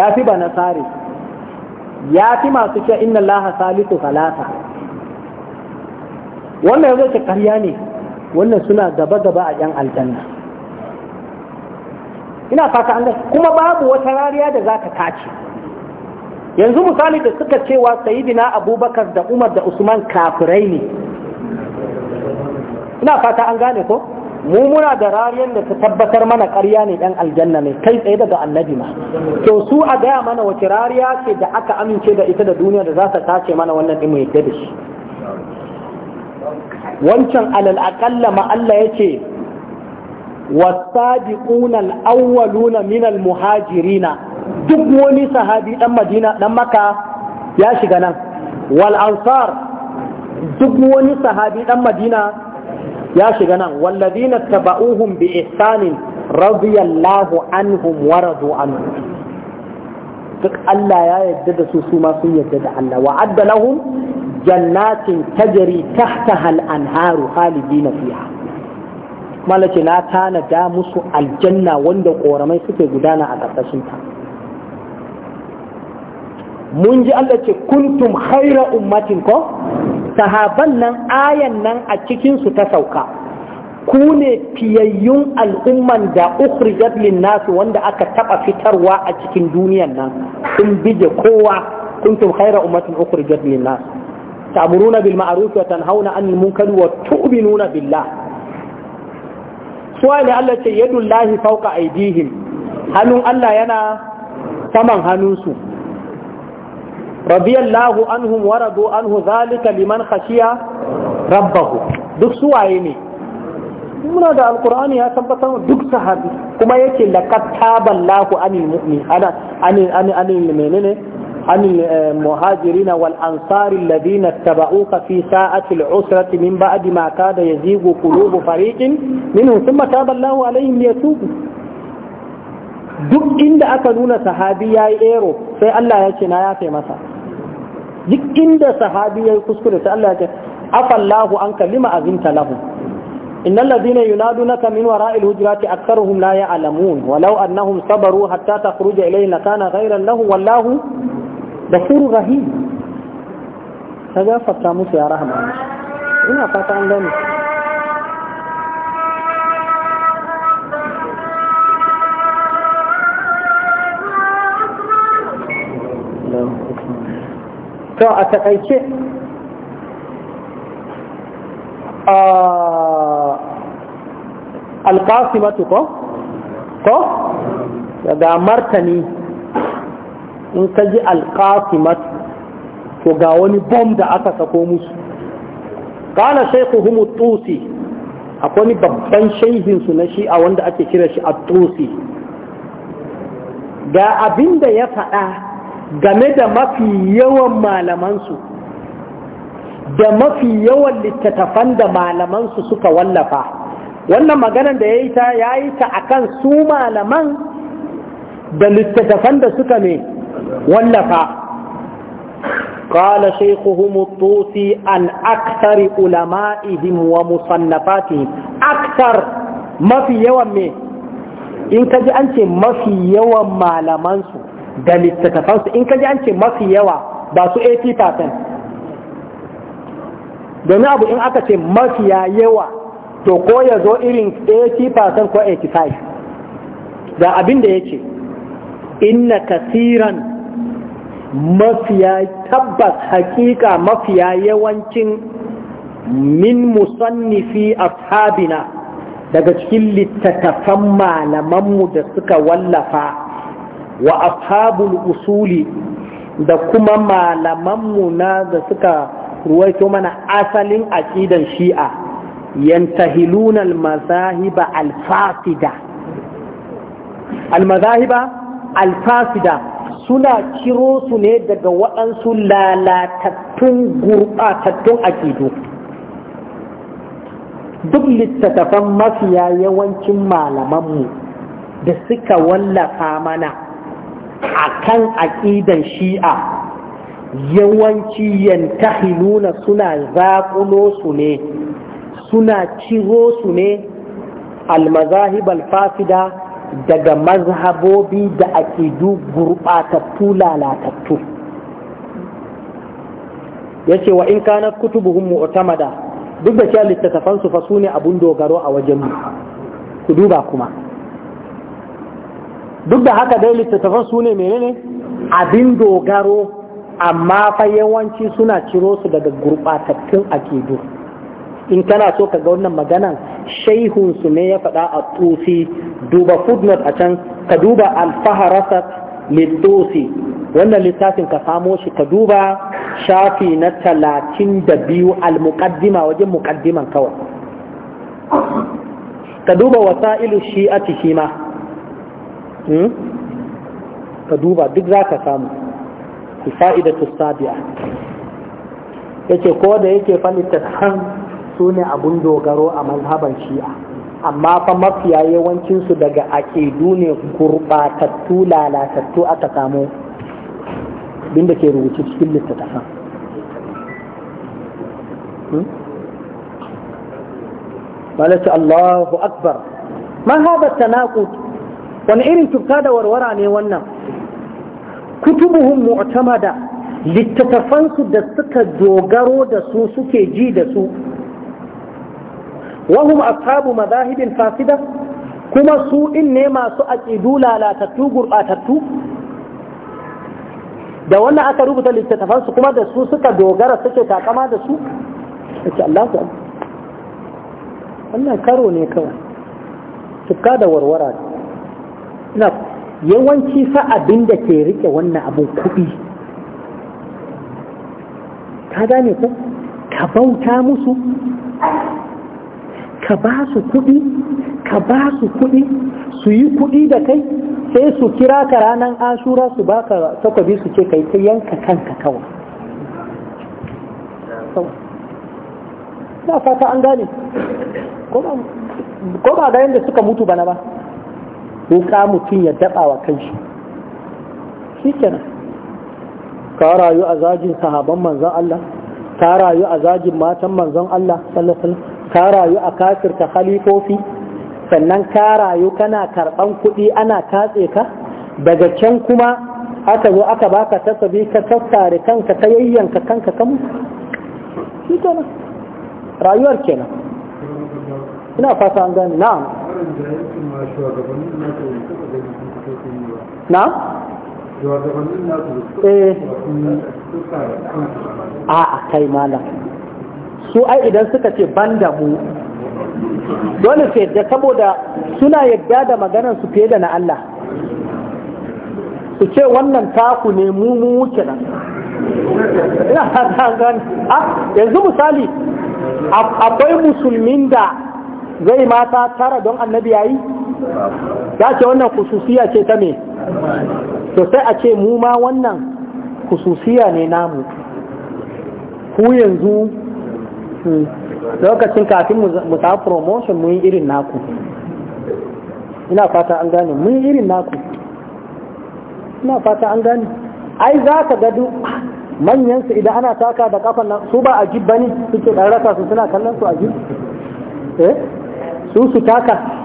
ya fi ba nasari ya fi masu cewa inna Laha salisu salasa wannan ya ta karya ne wannan suna gaba-gaba a yan aljanna ina fata an kuma babu wata rariya da za ka tace yanzu misali da suka cewa sayidina abubakar da umar da usman kafirai ne ina fata an gane ko mu muna da rariyar da ta tabbatar mana karya ne ɗan aljanna ne kai tsaye daga annabi ma to su a gaya mana wace rariya ce da aka amince da ita da duniya da za ta tace mana wannan ɗin mai gadi wancan alal akalla ma Allah ya wasabiquna awwaluna min muhajirina duk wani sahabi dan Madina dan Makka ya shiga nan Wal'ansar duk wani sahabi dan Madina ya shiga nan walladina taba'uhum bi ihsanin radiyallahu anhum wa radu anhu duk Allah ya yarda da su su ma sun yarda da Allah wa adda lahum jannatin tajri tahtaha al-anharu khalidina fiha malace na tanada musu aljanna wanda koramai suke gudana a ƙarƙashin ta mun ji Allah ce kuntum khaira ummatin ko sahaban nan ayan nan a cikinsu ta sauka ku ne fiyayyun al'umman da ukhrijat lin nasu wanda aka taɓa fitarwa a cikin duniyan nan kun bije kowa kuntum khaira ummatin ukhrijat lin nas ta'muruna bil ma'ruf wa tanhauna 'anil munkar wa tu'minuna billah suwa ne Allah ce yadullahi fawqa aydihim hannun Allah yana saman hannunsu radiyallahu anhum wa radu anhu zalika liman khashiya rabbahu duk suwaye ne muna da alqur'ani ya tabbatar duk sahabi kuma yake laqad taballahu anil mu'min ana anil anil menene anil eh, muhajirin wal ansari alladhina tabauka fi sa'ati al-usrati min ba'di ma kada yazigu qulubu fariqin minhum thumma taballahu alaihim liyatubu duk inda aka nuna sahabi ya yi ero sai Allah ya ce na yafe masa duk inda sahabi ya kuskure sai Allah ya ce afallahu an kalima azinta lahu innal ladina yunadunaka min wara'il hujurati aktharuhum la ya'lamun walau annahum sabaru hatta takhruja ilayna kana ghayran lahu wallahu ghafurur rahim kaga fata musu ya rahama ina fata an gane to a takaice alƙasimatu ko? ko? daga martani in ka ji alƙasimatu ko ga wani bom da aka sako musu kala ku humu tusi akwai wani babban shaihinsu na shi a wanda ake kira shi a tusi ga abinda ya faɗa game da mafi yawan malamansu da mafi yawan littattafan da malamansu suka wallafa wannan maganar da ya yi ta ya yi ta akan su malaman da littattafan da suka ne wallafa قال شيخهم الطوسي عن أكثر علمائهم ومصنفاتهم أكثر ما في يوم yawan إن كجي أنت ما في يوم ما لمنسو da littattafansu in ka ji an ce mafi yawa ba su 80% domin abu in aka ce mafi yawa to ko ya zo irin 80% ko 85 da abin da ya ce inna kasiran mafiya tabbas hakika mafiya yawancin min musannifi ashabina daga cikin littattafan malamanmu da suka wallafa wa ashabul usuli da kuma malamanmu na da suka ruwaito mana asalin aqidan shi'a yantahiluna almazahiba alfasida almazahiba alfasida suna kiro su ne daga waɗansu lalatattun gurɓatattun aƙidu duk littattafan mafiya yawancin malamanmu da suka wallafa mana a kan aƙidan shi'a yawanci yantahiluna suna zaƙulo su ne suna ciro su ne almazahib alfasida daga mazhabobi da aƙidu gurɓatattu lalatattu ya ce wa in kanar kutubuhun mu'tamada duk da cewa littattafansu fa su ne abun dogaro a wajenmu ku duba kuma duk da haka dai littattafan su ne menene abin dogaro amma fa yawanci suna ciro su daga gurɓatattun akidu in kana so ka ga wannan maganan shaihun su ne ya faɗa a tusi duba footnote a can ka duba alfaharasat littusi wannan littafin ka samo shi ka duba shafi na talatin da biyu almuƙaddima wajen muƙaddiman kawai ka duba wasa'ilu shi'ati shi ma Hmm? ka duba duk za ka samu ta sabi'a yake ko da yake falittattun su ne abun dogaro a mazhaban shi'a amma fa mafiya yawancinsu daga aƙidu ne gurɓatattu lalatattu aka samu binda ke rubuce cikin littattafan hmm? malaka Allahu akbar ma hada tanaqud wani irin tufka da warwara ne wannan kutubuhum mu'tamada littattafansu da suka dogaro da su suke ji da su wahum ashabu mazahibin fasida kuma su in ne masu aƙidu lalatattu gurɓatattu da wannan aka rubuta littattafansu kuma da su suka dogara suke takama da su ake Allah ku wannan karo ne kawai tukka da warwara ne na yawanci fa abin da ke rike wannan abun kuɗi ka gane ku ka bauta musu ka ba su kuɗi ka ba su kuɗi su yi kuɗi da kai sai su kira ka ranar ashura su baka takobi su ce kai ta yanka kanka kawai na fata an gane ko ba ga yadda suka mutu bana ba wuka mutum ya daɓa wa kanshi shi kenan ka rayu a zagin sahaban manzon Allah ka rayu a zagin matan manzon Allah sallallahu ka rayu a kafirta khalifofi sannan ka rayu kana karɓan kuɗi ana katse ka daga can kuma aka zo aka baka tasabi ka tattare kanka ta yayyanka kanka kamu shi kenan rayuwar kenan ina fata an gani na'am na? Eh. a a kai mana, su ai idan suka ce ban da mu dole su yadda saboda suna yadda da maganar su fiye da na Allah su ce wannan taku ne mu mu wuce nan ina ta gani a ah, yanzu misali akwai musulmin da zai mata tara don annabi yayi ya ce wannan kususiya ce ta me to sai a ce mu ma wannan kususiya ne namu ku yanzu hmm, lokacin kafin mu ta promotion mun irin naku ina fata an gane mun irin naku ina fata an gane ai za ka gado manyansu idan ana taka da kafan nan su ba a jibba ne suke ɗan rasa su suna kallon su a jibba eh su su taka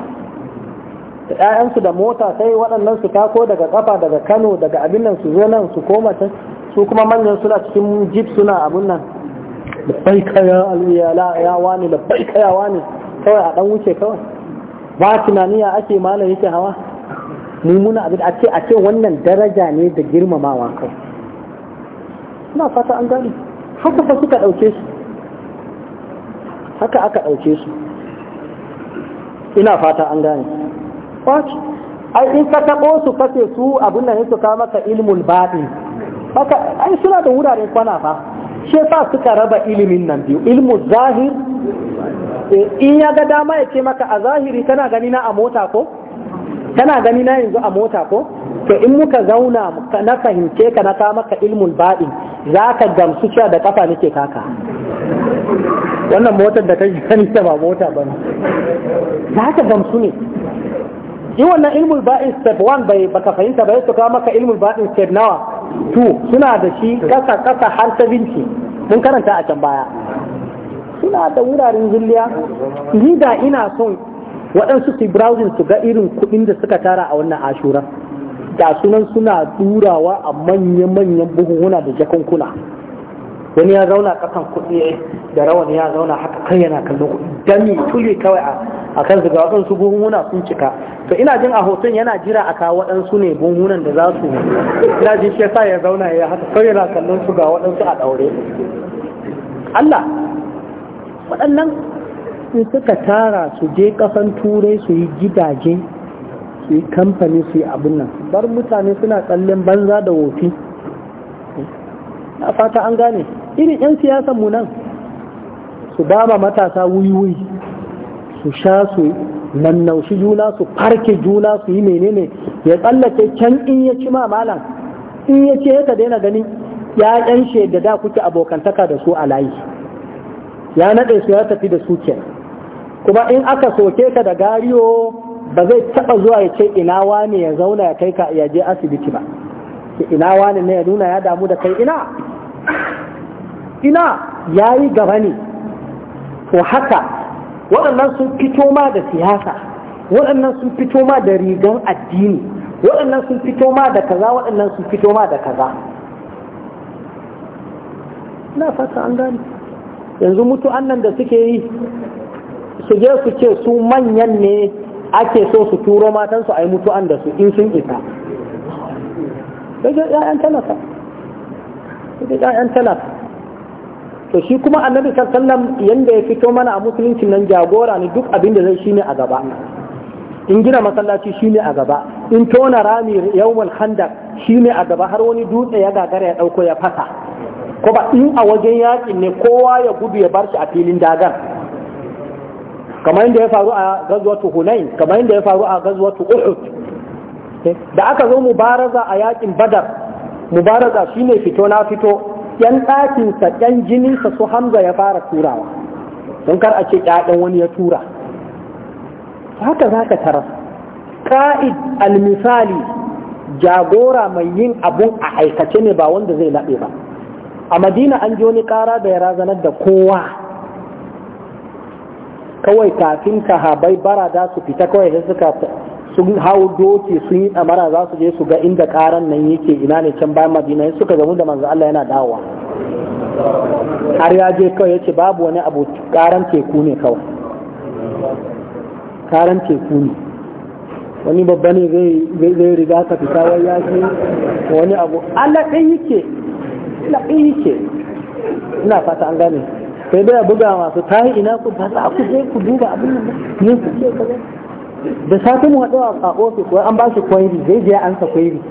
da ƴaƴansu da mota sai waɗannan su tako daga ƙafa daga Kano daga abin nan su zo nan su koma can su kuma manyan suna cikin jeep suna abin nan Da kaya aliyala ya wani bai kaya wani kawai a ɗan wuce kawai ba tunani ya ake malam yake hawa Mummuna muna abin a ce a ce wannan daraja ne da girmamawa kawai ina fata an gani haka fa suka ɗauke su haka aka ɗauke su ina fata an gane ai in ka tabo su kace su abin nan su ka maka ilmul baɗi haka ai suna da wuraren kwana fa shi fa suka raba ilimin nan biyu ilmu zahir eh, in ya ga dama ya ce maka a zahiri kana gani na a mota ko kana gani na yanzu a mota ko to in muka zauna na fahimce ka na ka maka ilmul baɗi za ka gamsu cewa da kafa nake kaka wannan motar da kai gani ta ba mota ba za ka gamsu ne shi wannan ilmul ba'in step 1 bai baka fahimta ba ya kawo maka ilmul ba'in step nawa 2 suna da shi kasa kasa har 70 mun karanta a can baya suna da wuraren zilliya ni da ina son waɗansu su browsing su ga irin kuɗin da suka tara a wannan ashura da sunan suna turawa a manya-manyan buhuhuna da jakunkuna wani ya zauna kasan kuɗi da rawan ya zauna haka kai yana kallon kuɗi dami tuli kawai a kan su ga waɗansu buhunhuna sun cika to ina jin a hoton yana jira a kawo waɗansu ne buhunan da za su ina jin shi yasa ya zauna ya haka kai yana kallon su ga waɗansu a ɗaure Allah waɗannan in suka tara su je kasan turai su yi gidaje su yi kamfani su yi abin nan bar mutane suna tsallin banza da wofi na fata an gane irin 'yan siyasan mu nan su ba matasa wuyi-wuyi su sha su nannaushi juna su farke juna su yi menene ya tsallake can in ya ci malam in ya ce daina ganin ya'yan shi da da kuke abokantaka da su a layi ya naɗe su ya tafi da su ke kuma in aka soke ka da gariyo ba zai taɓa zuwa ya ce ina wane ya zauna ya kai ka ya je asibiti ba ina wane ne ya nuna ya damu da kai ina ina ya yi gaba ne Ko haka waɗannan sun fito ma da siyasa waɗannan sun fito ma da rigan addini waɗannan sun fito ma da kaza waɗannan sun fito ma da kaza na fata an gani yanzu mutu annan da suke yi su je su ce su manyan ne ake so su turo matansu a yi mutu an da su in sun isa sai ga 'ya'yan talaka to shi kuma annabi wasallam yanda ya fito mana a musulunci nan jagora ne duk abin da zai shine a gaba in gina masallaci shine a gaba in tona rami yawmal khandaq shine a gaba har wani dutse ya gagara ya dauko ya fasa ko ba in a wajen yakin ne kowa ya gudu ya bar shi a filin dagar kamar yadda ya faru a gazwatu hunain kamar yadda ya faru a gazwatu uhud eh, da aka zo mubaraza a yakin badar mubaraza shine fito na fito yan ɗakinsa ɗan jininsa su hamza ya fara turawa don kar a ce ƴaƴan wani ya tura haka za ka tara ka'id almisali jagora mai yin abun a aikace ne ba wanda zai laɓe ba a madina an ji wani ƙara da ya razanar da kowa kawai kafin ka habai barada su fita kawai da suka sun hau doke sun yi tsamara za su je su ga inda karan nan yake ina ne can bayan madina suka gamu da manzo Allah yana dawa har ya je kawai yace babu wani abu karan teku ne kawai karan teku ne wani babba ne zai riga ka fita wai ya ce wani abu Allah kai yake Allah yake ina fata an gane sai dai buga masu tahi ina ku ba za ku je ku duba abin nan ne ku ce kaza da satin waɗo a ofis wai an ba shi kwairi zai je an sa kwairi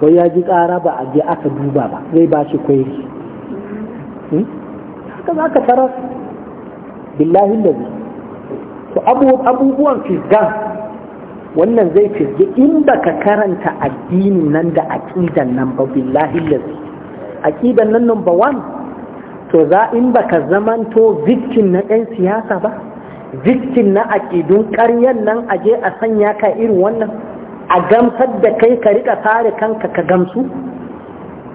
wai ya ji ƙara ba a je aka duba ba zai ba shi kwairi hmm? haka za ka tarar billahi da to abubuwan fisgan wannan zai fisge in ba ka karanta addinin nan da aƙidan nan ba billahi da aƙidan nan number one to za in ba ka zamanto victim na 'yan siyasa ba Zikin na aƙidun ƙaryen nan a je a sanya ka irin wannan a gamsar da kai ka rika tsari kanka ka gamsu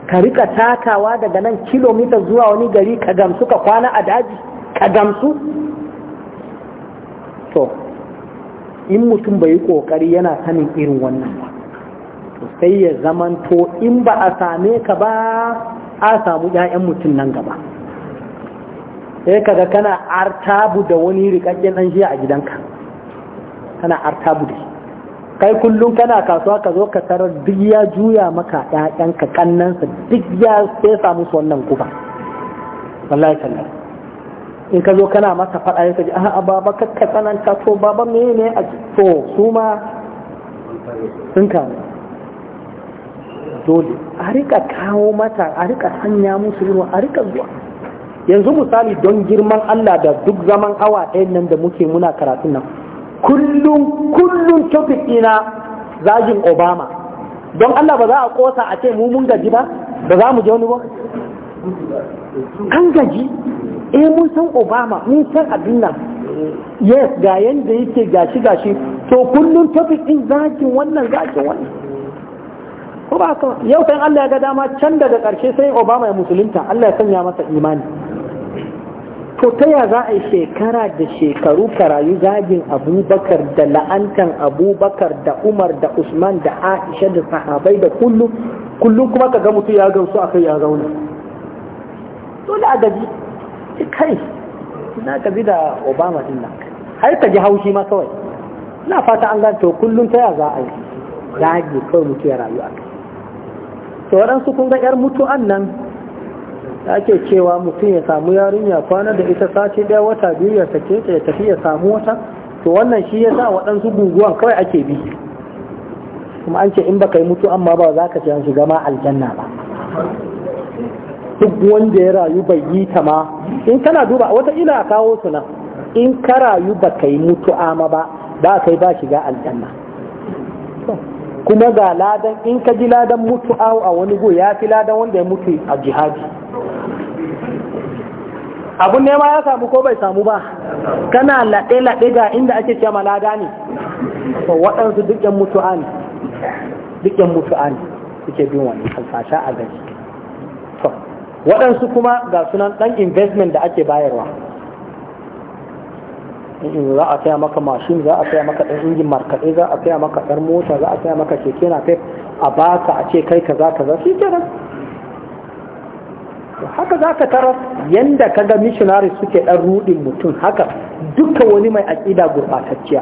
ka rika takawa daga nan kilomita zuwa wani gari ka gamsu ka kwana a daji ka gamsu to in mutum bai yi ƙoƙari yana sanin irin wannan ba sai ya zamanto in ba a same ka ba a samu 'ya'yan mutum nan gaba sai kaga kana artabu da wani rikakken dan jiya a gidanka kana artabu da kai kullum kana kasuwa ka zo ka tarar duk ya juya maka ƴaƴanka kannansa duk ya sai samu su wannan guba wallahi tallahi in ka zo kana masa faɗa ya kaji a baba kakka tsananta to baba ne a to su ma sun kamu dole a rika kawo mata a rika sanya musu irin a rika zuwa yanzu misali don girman Allah da duk zaman awa ɗayan nan da muke muna karatun nan kullum kullum topic ina zagin Obama don Allah ba za a kosa a ce mu mun gaji ba ba za mu je wani ba an gaji eh mun san Obama mun san abin nan yes ga yanda yake gashi gashi to kullum topic din zagin wannan zagin wannan ko ba yau kan Allah ya ga dama can daga ƙarshe sai Obama ya musulunta Allah ya sanya masa imani to ta ya za a yi shekara da shekaru ka rayu zagin abubakar da la'antan abubakar da umar da usman da aisha da sahabai da kullum kullum kuma ka ga mutum ya gamsu a kai ya zauna dole a gaji eh, kai na gaji da obama din nan har ka ji haushi ma kawai na fata an gane to kullum ta ya za a yi zagi kawai mutum ya rayu a kai to waɗansu kun ga 'yar mutu'an nan ake cewa mutum ya samu yarinya kwana da ita sati daya wata biyu ya sake ta ya tafi ya samu wata to wannan shi ya sa waɗansu guguwan kawai ake bi kuma an ce in baka yi mutu amma ba za ka ce an shiga ma aljanna ba duk wanda ya rayu bai yi ta ma in kana duba wata ila a kawo su in ka rayu ba ka yi mutu ama ba ba kai ba shiga aljanna kuma ga ladan in ka ji ladan mutu a wani go ya fi ladan wanda ya mutu a jihadi abun nema ya samu ko bai samu ba kana laɗe-laɗe ga inda ake ce malada ne to waɗansu duk yan mutu'a ne duk mutu'a ne suke bin wani alfasha a gaji to waɗansu kuma ga sunan ɗan investment da ake bayarwa in za a taya maka mashin za a taya maka ɗan injin markaɗe za a taya maka ɗan mota za a taya maka keke na kai a baka a ce kai kaza kaza shi kenan haka za ka tarar yadda ka ga missionary suke ɗan ruɗin mutum haka duka wani mai aƙida gurɓatacciya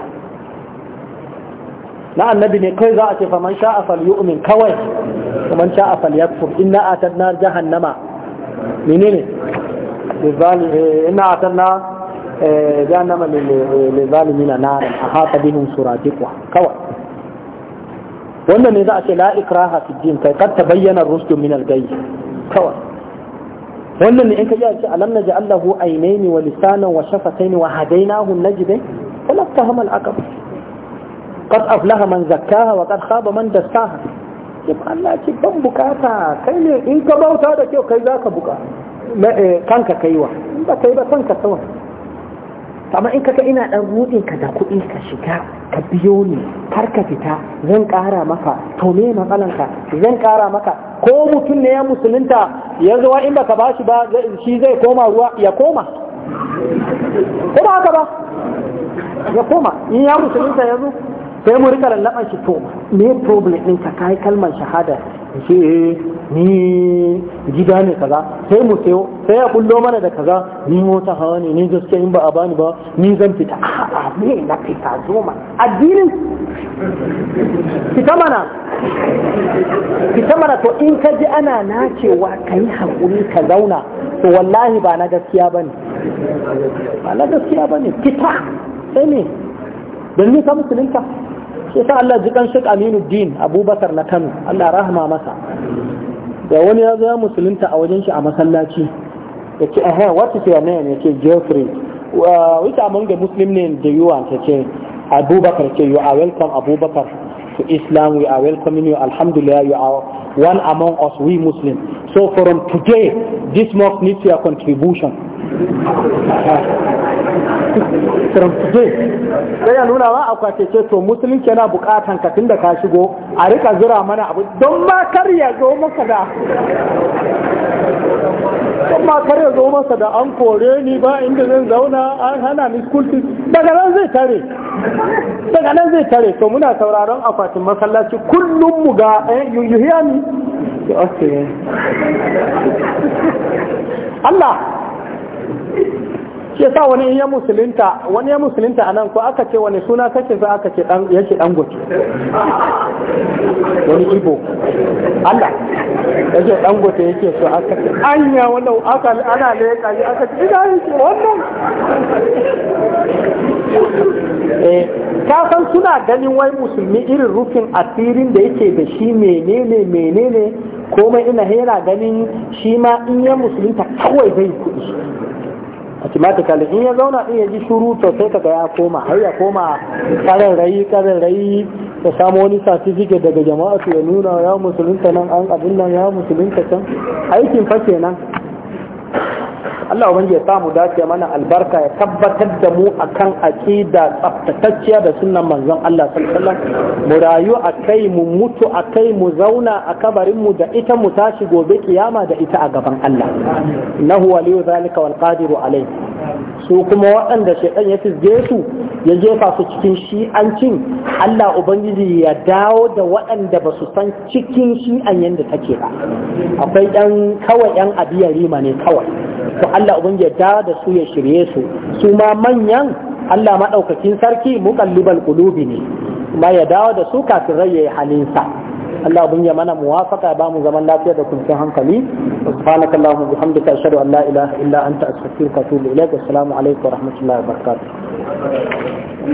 na annabi ne kai za a ce faman sha'a fal yu'min kawai faman sha'a fal yakfur inna atadna jahannama menene eh, inna atadna eh, jahannama lil zalimina a ahata bihim suradiqwa kawai wannan ne za a ce la ikraha fi din kai kad tabayyana rusdu min al-gayy kawai wannan ne in ka ji alam na ja'allahu ainaini wa lisanan wa shafataini wa hadai na hadainahu ta hamal aka aqab qad aflaha man zakkaha wa qad khaba man dassaha kin Allah ce ban bukata kai ne in ka bauta da kyau kai za zaka buka eh, kanka wa. in ba kai ba kanka sawa amma in ka kaga ina dan rudin ka da kuɗi ka shiga ka biyo ni har ka fita zan ƙara maka to me matsalanka zan ƙara maka ko mutum ne ya musulunta ya zuwa in baka ba shi ba shi zai koma ruwa ya koma ko ba haka ba ya koma in ya musulunta ya zo sai mu rika lallaban shi to me problem ka kai kalmar shahada ce eh, ni gida ne kaza sai mu sayo sai ya kullo mana da kaza ni mota hawa ne ni gaske in ba a bani ba ni zan fita a'a me na fita zo ma addinin fita mana fita mana to in ka ji ana nacewa kai hakuri ka zauna to wallahi ba na gaskiya ne ba na gaskiya bane fita sai ne don ni ka musulunta shi sa Allah jikan aminu din Abubakar na Kano Allah rahama masa da wani ya zama musulunta a wajen shi a masallaci ya ce eh what is your name ya ce Jeffrey uh, which among the Muslim name do you want ya ce Abubakar ce you are welcome Abubakar to Islam. We are welcoming you. Alhamdulillah, you are one among us, we Muslims. So from today, this mosque needs your contribution. from today, sai ya nuna wa akwai ce to musulunci yana bukatan ka tunda ka shigo a rika zura mana abu don ma kar ya zo maka da don ma kar ya zo masa da an kore ni ba inda zan zauna an hana ni kulti daga nan zai tare daga nan zai tare to muna sauraron akwai bakin masallaci kullum mu ga eh, yuhiya ni Allah shi yasa wani ya musulunta wani ya musulunta anan ko aka ce wani suna kake za aka ce dan yake dan gote wani ibo Allah yake dan gote yake so aka ce anya wannan aka ana ne kaji aka ce ina yake wannan Eh, ka san suna ganin wai musulmi irin rufin asirin da yake da shi menene menene komai ina yana ganin shi ma in ya musulunta kawai zai kuɗi a kalli in ya zauna in ya ji shuru to sai kaga ya koma har ya koma karin rayi karin rayi ya samu wani certificate daga jama'a su ya nuna ya musulunta nan an abin nan ya musulunta can aikin fa kenan Allah ubangi ya samu dace mana albarka ya tabbatar da mu akan aqida tsaftatacciya da sunnan manzon Allah sallallahu alaihi mu rayu akai mu mutu akai mu zauna a kabarin mu da ita mu tashi gobe kiyama da ita a gaban Allah nahu waliyu zalika wal qadiru alai su kuma waɗanda shaidan ya fisge su ya jefa su cikin shi shi'ancin Allah ubangiji ya dawo da waɗanda ba su san cikin shi an yadda take ba akwai ɗan kawai ɗan rima ne kawai to Allah ubangiji ya da da su ya shirye su su ma manyan Allah maɗaukakin sarki muqallibal qulubi ne ma ya dawo da su kafin rai yi halinsa Allah ubin ya mana muwafaka ba mu zaman lafiya da kuncin hankali subhanaka allahumma bihamdika ashhadu an la ilaha illa anta astaghfiruka wa atubu ilaik assalamu alaikum wa rahmatullahi wa barakatuh